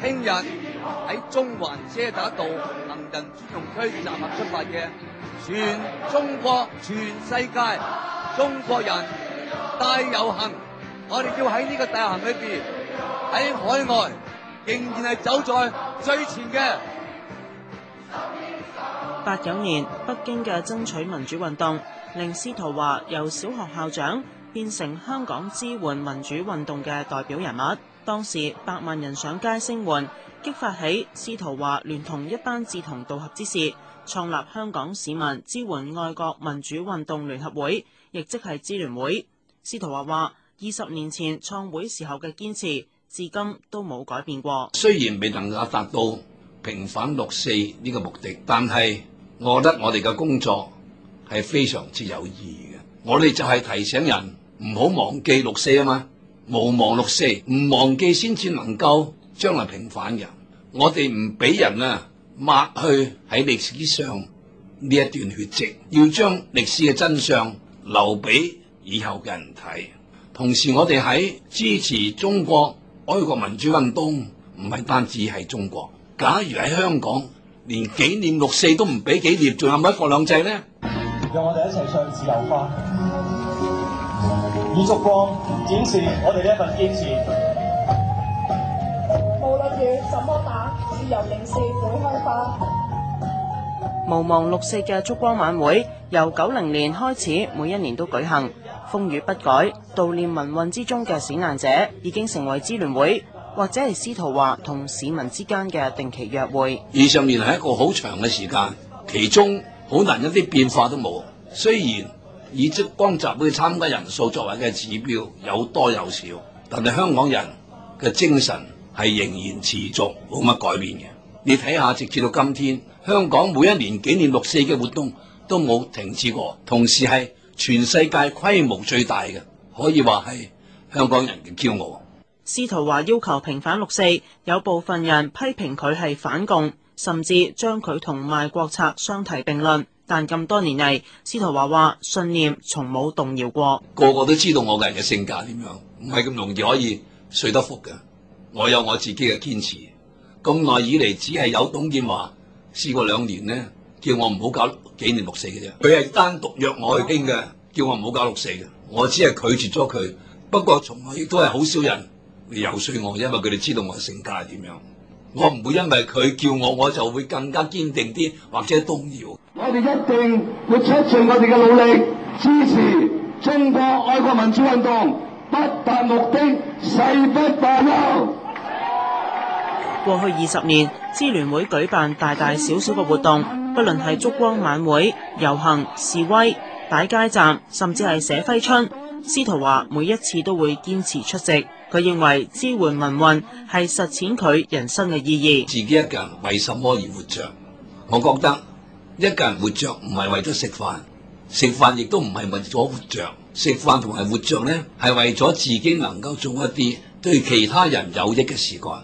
聽日喺中環車打道行人專用區集合出發嘅全中國、全世界中國人大遊行，我哋要喺呢個大行裏邊喺海外仍然係走在最前嘅。八九年北京嘅爭取民主運動，令司徒華由小學校長變成香港支援民主運動嘅代表人物。當時，毋忘六四，唔忘記先至能夠將來平反嘅。我哋唔俾人啊抹去喺歷史上呢一段血跡，要將歷史嘅真相留俾以後嘅人睇。同時，我哋喺支持中國愛國民主運動，唔係單止係中國。假如喺香港連紀念六四都唔俾紀念，仲有乜一國兩制呢？讓我哋一齊唱自由花。以燭光展示我哋呢一份堅持。無論雨怎麼打，自由仍是會開花。無忘六四嘅燭光晚會，由九零年開始，每一年都舉行，風雨不改，悼念民運之中嘅死難者，已經成為支聯會或者係司徒華同市民之間嘅定期約會。二十年係一個好長嘅時間，其中好難一啲變化都冇。雖然以燭光集會參加人數作為嘅指標有多有少，但係香港人嘅精神係仍然持續冇乜改變嘅。你睇下直至到今天，香港每一年紀念六四嘅活動都冇停止過，同時係全世界規模最大嘅，可以話係香港人嘅驕傲。司徒華要求平反六四，有部分人批評佢係反共，甚至將佢同賣國賊相提並論。但咁多年嚟，司徒華話信念從冇動搖過。個個都知道我嘅人嘅性格點樣，唔係咁容易可以說得服嘅。我有我自己嘅堅持。咁耐以嚟，只係有董建華試過兩年咧，叫我唔好搞幾年六四嘅啫。佢係單獨約我去傾嘅，oh. 叫我唔好搞六四嘅。我只係拒絕咗佢。不過從來亦都係好少人游說我，因為佢哋知道我嘅性格係點樣。我唔會因為佢叫我，我就會更加堅定啲或者動搖。我哋一定會出盡我哋嘅努力，支持中國愛國民主運動，不達目的誓不罷休。過去二十年，支聯會舉辦大大小小嘅活動，不論係燭光晚會、遊行、示威、擺街站，甚至係寫揮春。司徒華每一次都會堅持出席。佢認為支援民運係實踐佢人生嘅意義。自己一個人為什麼而活着？我覺得。一個人活着唔係為咗食飯，食飯亦都唔係為咗活着。食飯同埋活着咧，係為咗自己能夠做一啲對其他人有益嘅事幹。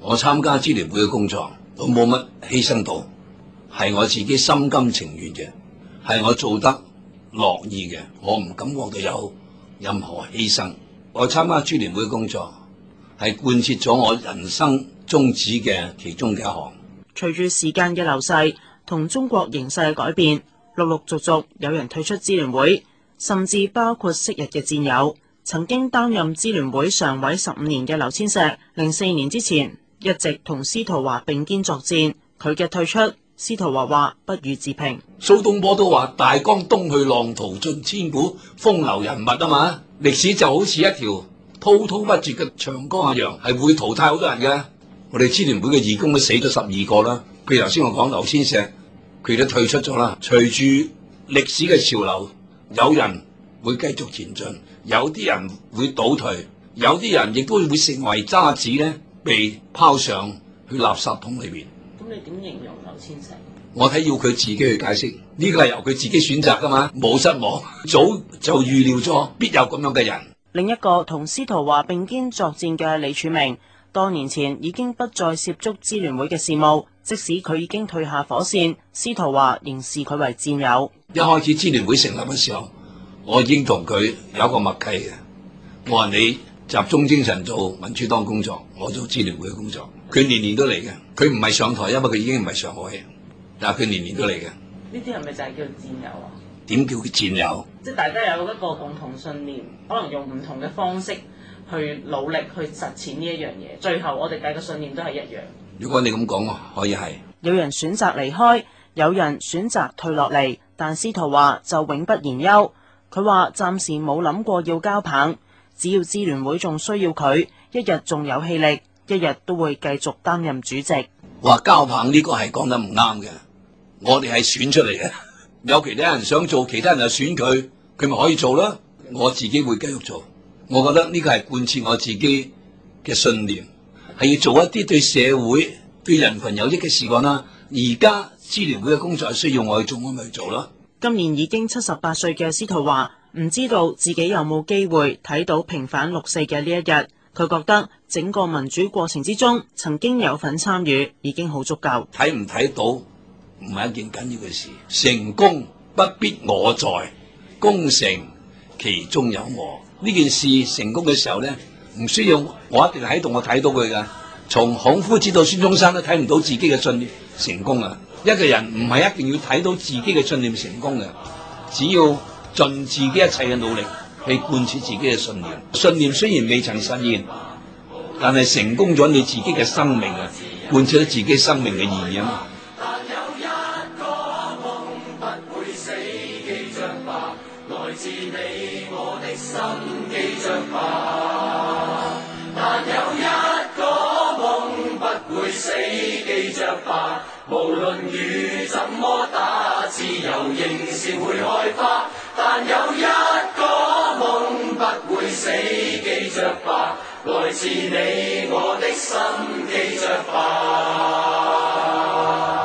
我參加支聯會嘅工作都冇乜犧牲到，係我自己心甘情願嘅，係我做得樂意嘅。我唔敢講到有任何犧牲。我參加支聯會嘅工作係貫徹咗我人生宗旨嘅其中嘅一項。隨住時間嘅流逝，同中國形勢嘅改變，陸陸續續有人退出支聯會，甚至包括昔日嘅戰友。曾經擔任支聯會常委十五年嘅劉千石，零四年之前一直同司徒華並肩作戰。佢嘅退出，司徒華話不予置評。蘇東坡都話：大江東去，浪淘盡，千古風流人物啊嘛！歷史就好似一條滔滔不絕嘅長江一樣，係會淘汰好多人嘅。我哋支聯會嘅義工都死咗十二個啦。譬如頭先我講劉千石，佢都退出咗啦。隨住歷史嘅潮流，有人會繼續前進，有啲人會倒退，有啲人亦都會成為渣子咧，被拋上去垃圾桶裏面。咁你點形容劉千石？我睇要佢自己去解釋，呢個係由佢自己選擇噶嘛。冇失望，早就預料咗必有咁樣嘅人。另一個同司徒華並肩作戰嘅李柱銘，多年前已經不再涉足支聯會嘅事務。即使佢已經退下火線，司徒華仍視佢為戰友。一開始支聯會成立嘅時候，我已經同佢有個默契嘅。我話你集中精神做民主黨工作，我做支聯會嘅工作。佢年年都嚟嘅。佢唔係上台，因為佢已經唔係上海嘅，但係佢年年都嚟嘅。呢啲係咪就係叫做戰友啊？點叫佢戰友？即係大家有一個共同信念，可能用唔同嘅方式去努力去實踐呢一樣嘢。最後我哋計個信念都係一樣。如果你咁講，可以係。有人選擇離開，有人選擇退落嚟，但司徒華就永不言休。佢話暫時冇諗過要交棒，只要支聯會仲需要佢，一日仲有氣力，一日都會繼續擔任主席。話交棒呢個係講得唔啱嘅，我哋係選出嚟嘅。有其他人想做，其他人就選佢，佢咪可以做咯。我自己會繼續做，我覺得呢個係貫徹我自己嘅信念，係要做一啲對社會對人群有益嘅事幹啦。而家支聯會嘅工作係需要我去做，我咪去做咯。今年已經七十八歲嘅司徒華唔知道自己有冇機會睇到平反六四嘅呢一日。佢覺得整個民主過程之中，曾經有份參與已經好足夠。睇唔睇到？唔係一件緊要嘅事。成功不必我在，功成其中有我。呢件事成功嘅時候咧，唔需要我一定喺度。我睇到佢㗎。從孔夫子到孫中山都睇唔到自己嘅信，信念成功啊！一個人唔係一定要睇到自己嘅信念成功嘅，只要盡自己一切嘅努力去貫徹自己嘅信念。信念雖然未曾實現，但係成功咗你自己嘅生命啊，貫徹咗自己生命嘅意義啊！來自你我的心，記着吧。但有一個夢不會死，記着吧。無論雨怎麼打，自由仍是會開花。但有一個夢不會死，記着吧。來自你我的心，記着吧。